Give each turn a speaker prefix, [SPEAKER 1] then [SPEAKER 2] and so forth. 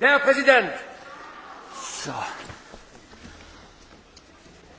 [SPEAKER 1] Der Herr Präsident!
[SPEAKER 2] So.